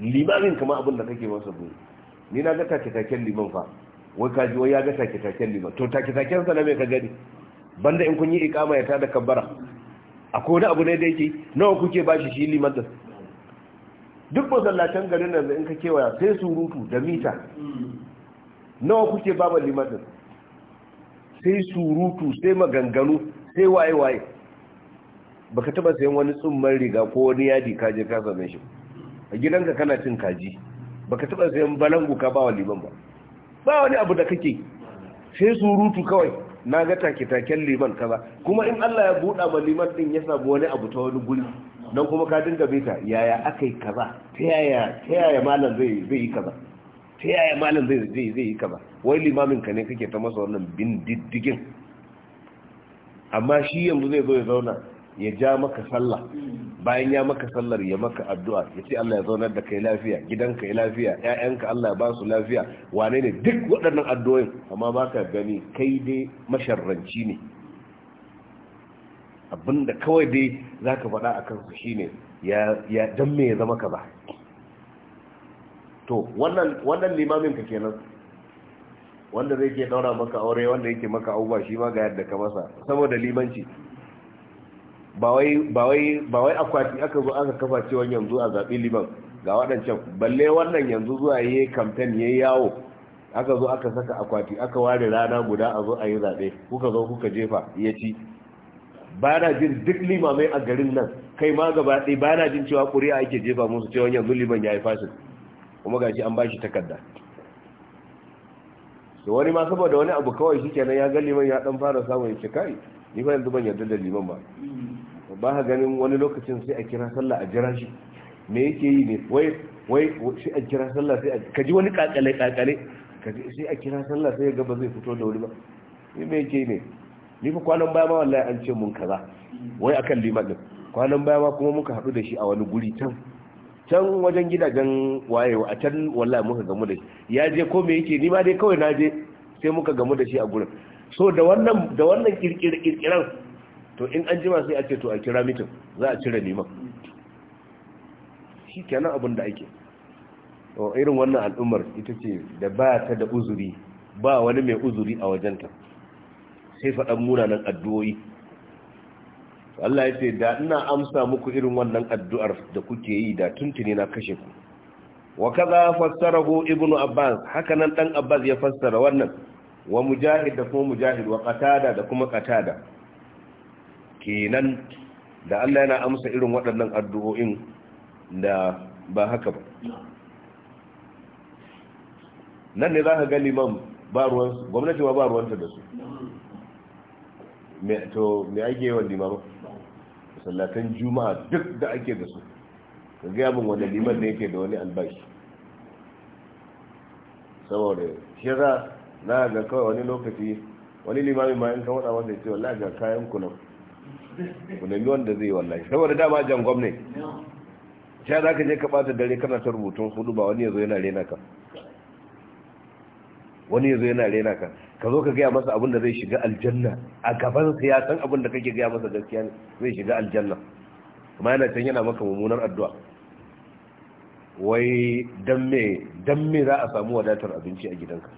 limamin kama abin da kake masa buri ni na ga takitaken liman fa wai ji wai ya ga takitaken liman to takitaken sa na mai ka gani banda in kun yi ikama ya tada kabbara akwai wani abu ne da yake nawa kuke bashi shi liman da duk masallacin garin nan in ka kewaya sai surutu da mita nawa kuke baba limatin sai surutu sai maganganu sai waye-waye ka taba sayan wani tsumman riga ko wani yadi kaji ka same shi a gidanka kana cin kaji Ba ka taba sayan balangu ka ba wa liman ba ba wani abu da kake sai surutu kawai na ga take-taken liman kaza kuma in Allah ya buɗa ma liman din ya sabu wani abu ta wani guri don kuma ka dinga bita yaya aka yi kaza ta yaya malam zai yi kaza ta yaya malam zai yi kaza wai limamin ka ne kake ta masa wannan bin diddigin amma shi yanzu zai zo ya zauna ya ja maka sallah bayan ya maka sallar ya maka addu'a ya ce Allah ya zaunar da kai lafiya gidanka ya lafiya ƴaƴanka Allah ya ba su lafiya wane ne duk waɗannan addu'o'in amma ba ka gani kai dai masharranci ne abinda kawai dai za ka faɗa a kansu ne ya don me ya zama ka ba to wannan limamin ka kenan wanda zai ke daura maka aure wanda yake maka auba shi ma ga yadda ka masa saboda limanci ba wai akwati aka zo aka kafa cewa yanzu a zaɓi liman ga waɗancan balle wannan yanzu zuwa yi kamfen ya yi yawo aka zo aka saka akwati aka ware rana guda a zo a yi zaɓe kuka zo kuka jefa ya ci ba na jin duk limamai a garin nan kai ma gaba ɗai ba na jin cewa ƙuri'a ake jefa musu cewa yanzu liman ya yi fashin kuma shi an bashi takarda da wani ma saboda wani abu kawai shi kenan ya ga liman ya ɗan fara samun ya ce kai ni fa yanzu ban yarda da liman ba ba ha ganin wani lokacin sai a kira sallah a jira shi me yake yi ne wai wai sai a kira sallah sai ka ji wani kakale kakale ka ji sai a kira sallah sai ga ba zai fito da wuri ba me yake yi ne ni fa kwanan baya ma wallahi an ce mun kaza wai akan liman din kwanan baya ma kuma muka haɗu da shi a wani guri can can wajen gidajen wayewa a can wallahi muka gamu da shi ya je ko me yake ni ma dai kawai na je sai muka gamu da shi a gurin so da wannan da wannan kirkiran to in an jima sai a ce to a kira mitin za a cire liman shi kenan abin da ake irin wannan al'ummar ita ce da ba ta da uzuri ba wani mai uzuri a wajenta sai faɗan munanan addu'o'i Allah ya ce da ina amsa muku irin wannan addu'ar da kuke yi da tuntuni na kashe ku wa kaza ko ibnu abbas haka nan dan abbas ya fassara wannan wa mujahid da kuma mujahid wa ƙatada da kuma ƙatada. kenan da Allah yana amsa irin waɗannan addu'o'in da ba haka ba nan ne za ka ga limam ba ruwansu gwamnati ba ba ruwanta da su to me ake yawan limama masallatan juma'a duk da ake da su ga gabin wanda liman da yake da wani albashi saboda shi za na ga kawai wani lokaci wani limami ma yin ka wanda ya ce wallahi ga kayan kunan kunan wanda zai wallahi saboda dama jan gwamnati shi za ka je ka bata dare kana ta rubutun hudu ba wani ya zo yana rena ka wani yanzu yana rena ka ka zo ka gaya masa abin da zai shiga aljanna a gaban sa ya san abin da kake gaya masa gaskiya ne zai shiga aljanna amma yana can yana maka mummunar addu'a wai dan me dan me za a samu wadatar abinci a gidanka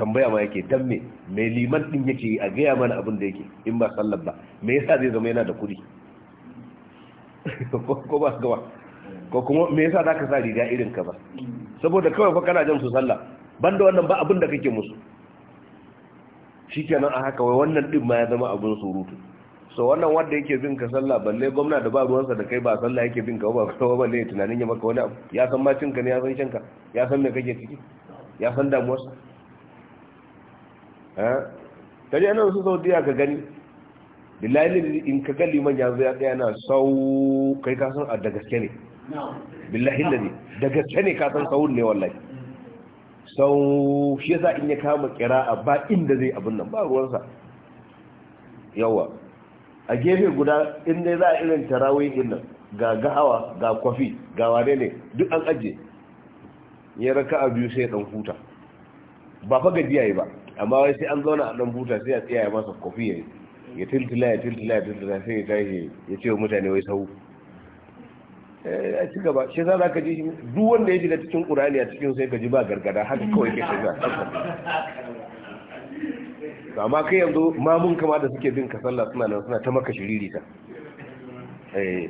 tambaya ma yake dan me me liman din yake a gaya mana abin da yake in ba sallar ba me yasa zai zama yana da kudi ko ba gawa ko kuma me yasa zaka sa riga irin ka ba saboda kawai fa kana jin su sallah banda wannan ba abin da kake musu shikenan a haka wai wannan din ma ya zama abin surutu so wannan wanda yake bin ka sallah balle gwamna da ba ruwansa da kai ba sallah yake bin ka ba ba balle tunanin ya maka wani abu ya san macin ka ne ya san shanka ya san me kake ciki ya san damuwarsa eh kaje ana su saudiya ka gani billahi in ka ga liman ya zo ya tsaya na sau kai ka san a dagaske ne billahi da ne ne ka san sawun ne wallahi sau shi yasa in ya kama a ba inda zai abin nan ba ruwansa yawa a gefe guda inda za a irin tarawai din nan ga gahawa ga kwafi ga wane ne duk an ajiye ya raka a biyu sai dan huta ba fa gajiya yi ba amma wai sai an zauna a dan huta sai a tsaya masa kwafi ya ya tiltila ya tiltila ya tiltila sai ya tashi ya ce wa mutane wai sahu Eh, a ci gaba shi za ka ji duk wanda ya shiga cikin ƙurani a cikin sai ka ji ba gargada haka kawai ke shiga amma kai yanzu mamun kama da suke bin ka sallah suna nan suna ta maka shiriri ta eh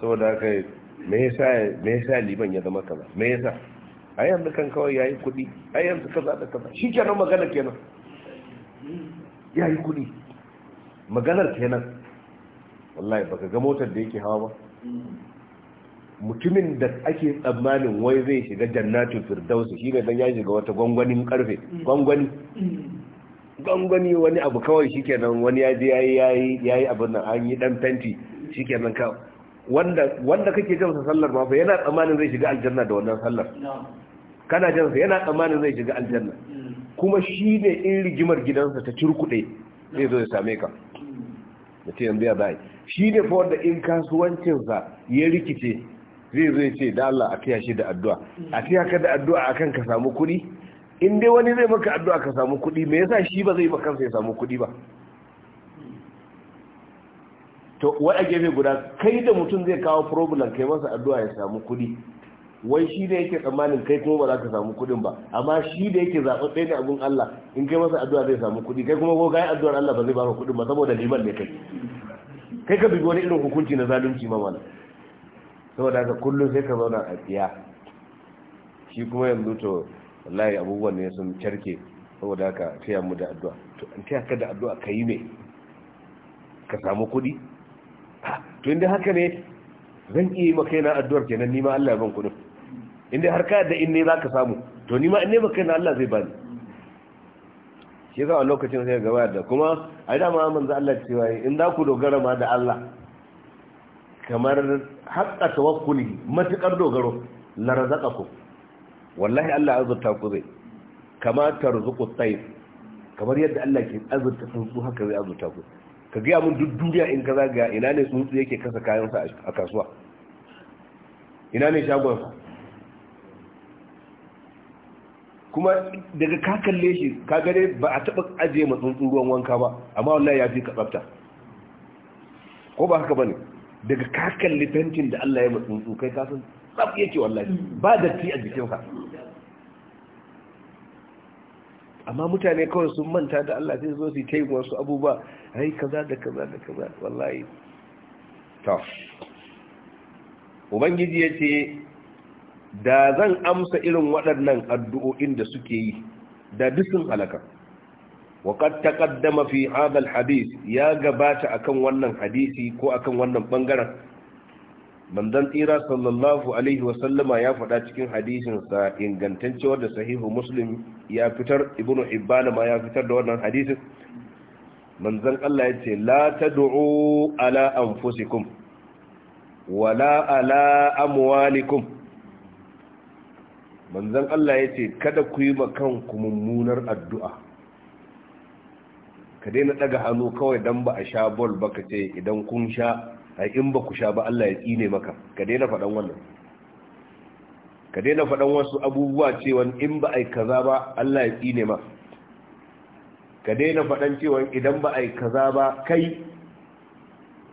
saboda haka me yasa me yasa liban ya zama kaza me yasa ai yanzu kan kawai yayi kuɗi ai yanzu kaza da kaza shikenan magana kenan yayi kuɗi maganar kenan wallahi baka ga motar da yake hawa ba mutumin da ake tsammanin wai zai shiga jannatin firdausu shi ne dan ya shiga wata gwangwanin karfe gwangwani gwangwani wani abu kawai shi kenan wani ya ji yayi yayi yayi abin nan an yi dan fenti shikenan ka wanda wanda kake jin sa sallar ma fa yana tsammanin zai shiga aljanna da wannan sallar kana jin sa yana tsammanin zai shiga aljanna kuma shi ne in rigimar gidansa ta cirkude zai zo ya same ka mutum yanzu ya zai shi ne fa wanda in kasuwancinsa ya rikice zai zai ce da Allah a tiya shi da addu'a a tiya ka da addu'a akan ka samu kuɗi in dai wani zai maka addu'a ka samu kuɗi me yasa shi ba zai maka ya samu kuɗi ba to wai a gefe guda kai da mutum zai kawo problem kai masa addu'a ya samu kuɗi wai shi da yake tsammanin kai kuma ba za ka samu kuɗin ba amma shi da yake zaɓa tsaye da abin Allah in kai masa addu'a zai samu kuɗi kai kuma ko kai addu'ar Allah ba zai baka kuɗin ba saboda liman ne kai kai ka bibi wani irin hukunci na zalunci ma mana saboda haka kullum sai ka zauna a tsiya shi kuma yanzu to wallahi abubuwan ne sun carke saboda haka tsaya mu da addu'a to an tsaya ka da addu'a ka yi ne ka samu kuɗi to inda haka ne zan iya yi maka yana addu'ar kenan nima Allah ya ban kuɗin inda har ka da inne za ka samu to nima inne ba kai na Allah zai bani shi yasa a lokacin sai gaba da kuma a dama manzo Allah cewa in za ku dogara ma da Allah kamar haƙƙa tawakkuli matuƙar dogaro la ku wallahi Allah azurta ku zai kama tarzuqu tayf kamar yadda Allah ke azurta tsuntsu haka zai azurta ku ka ga mun duk duniya in ka zaga ina ne tsuntsu yake kasa kayan sa a kasuwa ina ne shagon sa kuma daga ka kalle shi ka gare ba a taɓa ajiye matsuntsun ruwan wanka ba amma wallahi ya fi ka tsafta ko ba haka bane daga ka kalle fentin da Allah ya matsuntsu kai ka san tsaf yake wallahi ba datti a ka? amma mutane kawai sun manta da Allah sai zo su ta yi wasu abubuwa ai kaza da kaza da kaza wallahi ta ubangiji ya ce da zan amsa irin waɗannan addu'o'in da suke yi da dusun halaka waƙad taƙaddama fi hadal hadis ya gabata akan wannan hadisi ko akan wannan ɓangaren manzon tsira sallallahu alaihi wasallama ya faɗa cikin hadisinsa ingantaccewar da sahihu muslim ya fitar ibnu hibbana ma ya fitar da wannan hadisin manzan Allah ya ce la tad'u ala anfusikum wala ala amwalikum manzon Allah ya ce kada ku yi kanku mummunar addu'a ka daina daga hannu kawai dan ba a sha bol ba ka ce idan kun sha ai in ba ku sha ba Allah ya tsine maka ka daina faɗan wannan ka daina faɗan wasu abubuwa cewa in ba ai kaza ba Allah ya tsine ma ka daina faɗan cewa idan ba ai kaza ba kai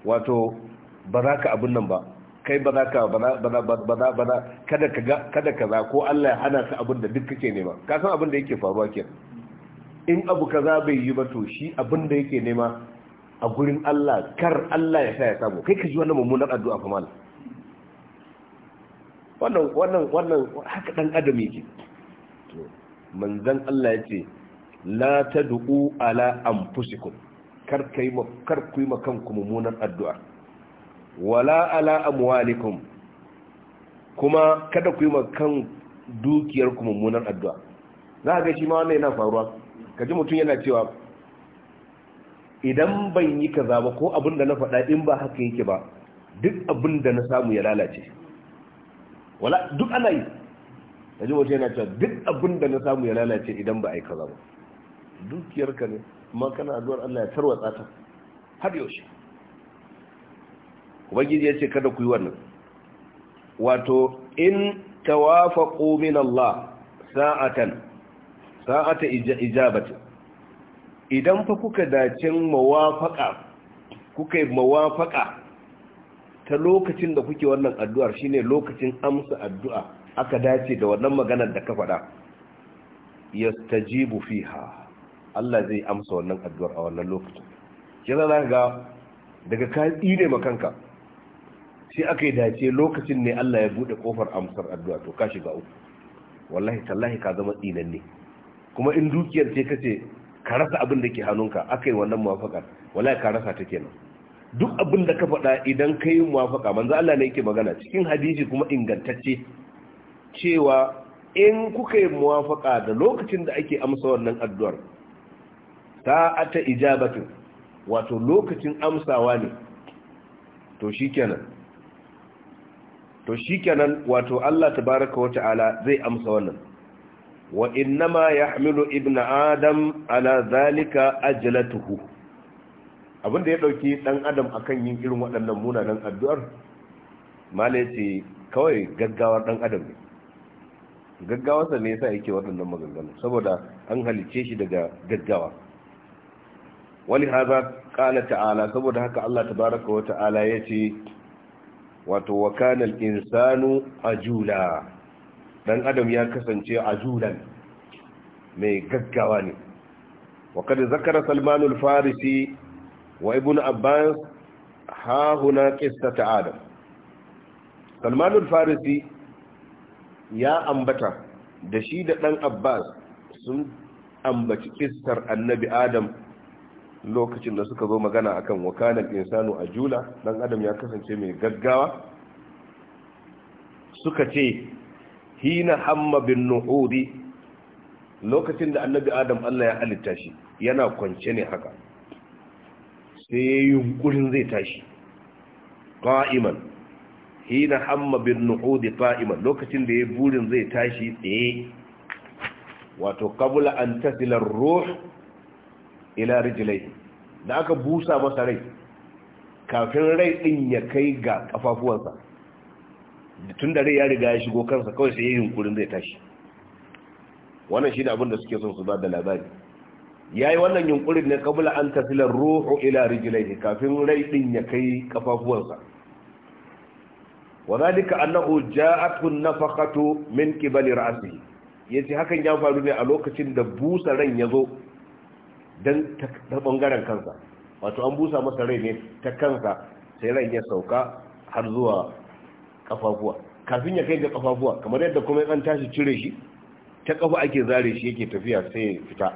wato ba za ka abin nan ba kai ba za ka kada ka kada kaza ko Allah ya hana ka abin da duk kake nema ka san abin da yake faruwa ke in abu kaza bai yi ba to shi abin da yake nema a gurin Allah kar Allah ya sa ya samu kai ka ji wannan mummunar addu'a fa mal wannan wannan wannan haka dan adam yake to manzon Allah ya ce la tad'u ala anfusikum kar kai kar ku yi makan ku mummunar addu'a wala ala amwalikum kuma kada ku yi kan dukiyar ku mummunan addu'a za ga shi ma wannan yana faruwa kaji mutum yana cewa idan ban yi kaza ba ko abin da na faɗa in ba haka yake ba duk abin da na samu ya lalace wala duk ana yi kaji mutum yana cewa duk abin da na samu ya lalace idan ba a yi kaza ba dukiyarka ne amma kana addu'ar Allah ya tarwatsa ta har yaushe ubangiji ya ce kada ku yi wannan wato in tawafaqu min Allah sa'atan sa'ata ijabati idan fa kuka dacin mawafaqa kuka yi mawafaqa ta lokacin da kuke wannan addu'ar shine lokacin amsa addu'a aka dace da wannan maganar da ka faɗa yastajibu fiha Allah zai amsa wannan addu'ar a wannan lokacin kira za ga daga ka ma makanka sai aka yi dace lokacin ne Allah ya bude kofar amsar addu'a to ka shiga uku wallahi tallahi ka zama dinan ne kuma in dukiyar ce kace ka rasa abin da ke hannunka aka yi wannan muwafaka wallahi ka rasa ta kenan duk abin da ka faɗa idan ka yi muwafaka manzo Allah ne yake magana cikin hadisi kuma ingantacce cewa in kuka yi muwafaka da lokacin da ake amsa wannan addu'ar sa'ata ijabatu wato lokacin amsawa ne to shikenan to shi kenan wato Allah tabaraka wa ta'ala zai amsa wannan wa inna ya yahmilu ibnu adam ala zalika ajlatuhu abinda ya dauki dan adam akan yin irin waɗannan munanan addu'ar malaci kawai gaggawar dan adam ne gaggawarsa ne yasa yake waɗannan maganganu saboda an halice shi daga gaggawa wani haza ƙala ta'ala saboda haka Allah tabaraka wa ta'ala ya ce wato wa kana insanu ajula dan adam ya kasance ajulan mai gaggawa ne wa kad zakara salman al-farisi wa Ibnu abbas ha huna qissat adam salman al-farisi ya ambata da shi da dan abbas sun ambaci kissar annabi adam lokacin da suka zo magana akan wakanan insanu a jula dan adam ya kasance mai gaggawa suka ce hina hamma bin nuhuri lokacin da annabi adam Allah ya halitta shi yana kwance ne haka sai yunkurin zai tashi qa'iman hina hamma bin nuhuri qa'iman lokacin da ya burin zai tashi tsaye wato qabla an tasila ruh ila rijlai da aka busa masa rai kafin rai din ya kai ga kafafuwansa tun da rai ya riga ya shigo kansa kawai sai yi yunkurin zai tashi wannan shi da abin da suke son su ba da labari ya yi wannan yunkurin ne kabula an tafilar ruhu ila rijilai kafin rai din ya kai kafafuwansa wa zalika annahu ja'atun nafaqatu min qibali ya yace hakan ya faru ne a lokacin da busa ran zo. don ta bangaren kansa wato an busa masa rai ne ta kansa sai rai ya sauka har zuwa kafafuwa kafin ya kai ga kafafuwa kamar yadda kuma an tashi cire shi ta kafa ake zare shi yake tafiya sai fita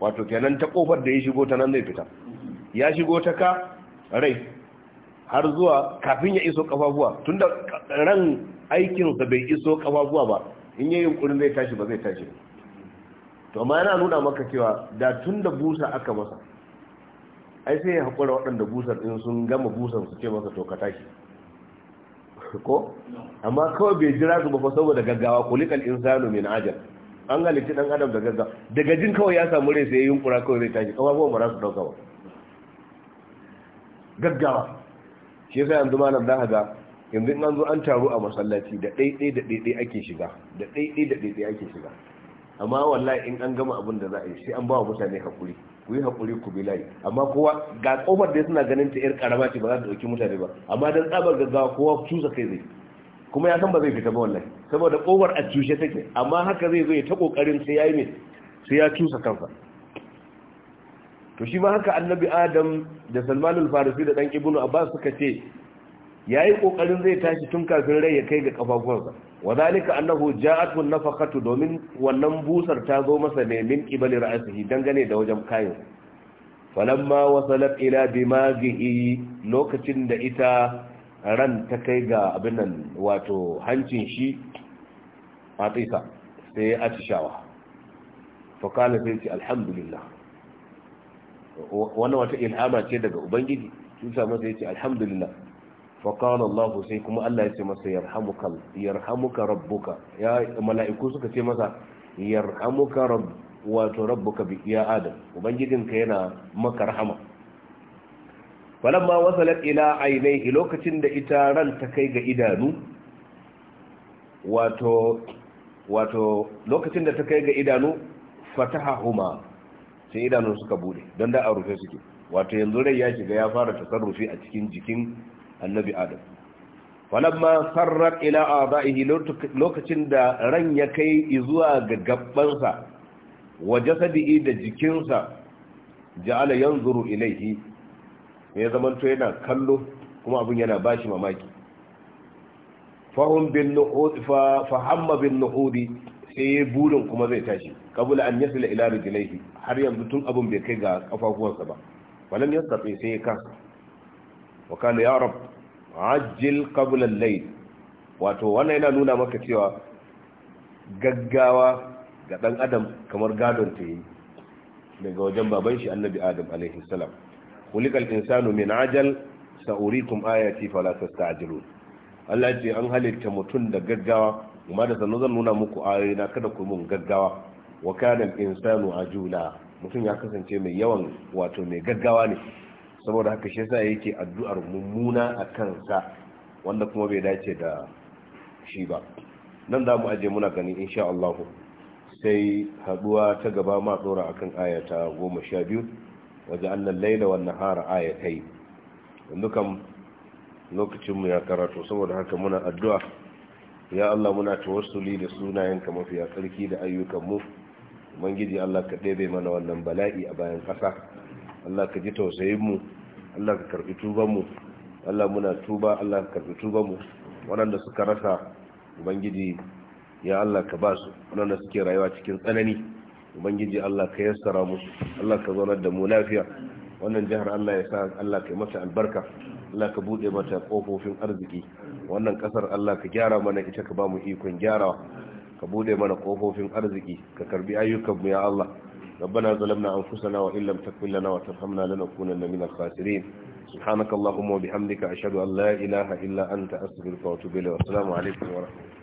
wato kenan ta kofar da ya shigo ta nan zai fita ya shigo ta ka rai har zuwa kafin ya iso kafafuwa tunda ran aikinsa bai iso kafafuwa ba in yayin kurin zai tashi ba zai tashi ba to amma yana nuna maka cewa da tun da busa aka masa ai sai ya haƙura waɗanda busar ɗin sun gama busan su ce masa to ka tashi ko amma kawai bai jira su ba saboda gaggawa kulikal insanu min ajal an halitta dan adam da gaggawa daga jin kawai ya samu rai sai yin kura kawai zai tashi kawai ba za su dauka ba gaggawa shi yasa yanzu malam za ga yanzu in an zo an taru a masallaci da ɗaiɗai da ɗaiɗai ake shiga da ɗaiɗai da ɗaiɗai ake shiga amma wallahi in an gama abin da za a yi sai an ba wa mutane hakuri ku yi hakuri ku bi layi amma kowa ga kofar da suna ganin ta yar karama ce ba za ta dauki mutane ba amma dan tsabar gaggawa kowa cusa kai zai kuma ya san ba zai fita ba wallahi saboda kofar a cushe take amma haka zai zo ta kokarin sai yayi ne sai ya cusa kansa to shi ma haka annabi adam da salmanul farisi da dan ibnu abbas suka ce yayi kokarin zai tashi tun kafin rai ya kai ga kafafuwansa wa zalika annahu ja'atun nafaqatu domin wannan busar ta zo masa ne min qibali ra'sihi dangane da wajen kayan falamma wasalat ila dimaghihi lokacin da ita ran ta kai ga abin nan wato hancin shi fatisa sai sai ci shawa fa kana sai ci alhamdulillah wannan wata ilhama ce daga ubangiji sun samu sai ci alhamdulillah faƙawar Allah sai kuma Allah ya ce masa yarhamuka rabbuka ya mala'iku suka ce masa yarhamuka wato rabbuka bi ya adam ubangijinka yana maka rahama falamma wasalat ila ainihi lokacin da ita ran ta kai ga idanu wato wato lokacin da ta kai ga idanu fatahahuma sai idanun suka bude don da a rufe suke wato yanzu rai ya shiga ya fara tasarrufi a cikin jikin annabi adam walamma sarra ila abaihi lokacin da ran ya kai zuwa ga gabbansa wa jasadihi da jikinsa ja'ala yanzuru ilaihi ya to yana kallo kuma abin yana bashi mamaki fahum bin nuhud fa fahamma bin nuhudi sai burin kuma zai tashi kabula an yasila ila rijlaihi har yanzu tun abin bai kai ga kafafuwansa ba walam yastati sai ya kasa wa kana ya rab ajil qabla al-layl wato wannan yana nuna maka cewa gaggawa ga dan adam kamar gadon ta yi daga wajen baban shi annabi adam alaihi salam kulikal insanu min ajal sa'urikum ayati fala tasta'jilun Allah ce an halitta mutum da gaggawa kuma da sannu zan nuna muku ayoyi na kada ku mun gaggawa wa kana al-insanu ajula mutum ya kasance mai yawan wato mai gaggawa ne saboda haka shi yasa yake addu'ar mummuna a kansa wanda kuma bai dace da shi ba nan za mu aje muna gani insha Allah sai haduwa ta gaba ma dora akan ayata goma sha biyu waje annan laila wa nahara ayatai yanzu kam lokacinmu ya karatu saboda haka muna addu'a ya Allah muna tawassuli da sunayenka mafiya tsarki da ayyukan ayyukanmu ubangiji Allah ka ɗebe mana wannan bala'i a bayan ƙasa Allah ka ji tausayin mu Allah ka karbi tubanmu Allah muna tuba Allah ka karbi tubanmu waɗanda suka rasa ubangiji ya Allah ka ba su waɗanda suke rayuwa cikin tsanani ubangiji Allah ka yassara musu Allah ka zaunar da mu lafiya wannan jihar Allah ya sa Allah ka yi mata albarka Allah ka bude mata ƙofofin arziki wannan ƙasar Allah ka gyara mana ita ka ba mu ikon gyarawa ka bude mana ƙofofin arziki ka karbi ayyukanmu ya Allah ربنا ظلمنا أنفسنا وإن لم تكن لنا وترحمنا لنكونن من الخاسرين سبحانك اللهم وبحمدك أشهد أن لا إله إلا أنت أستغفرك وأتوب إليك والسلام عليكم ورحمة الله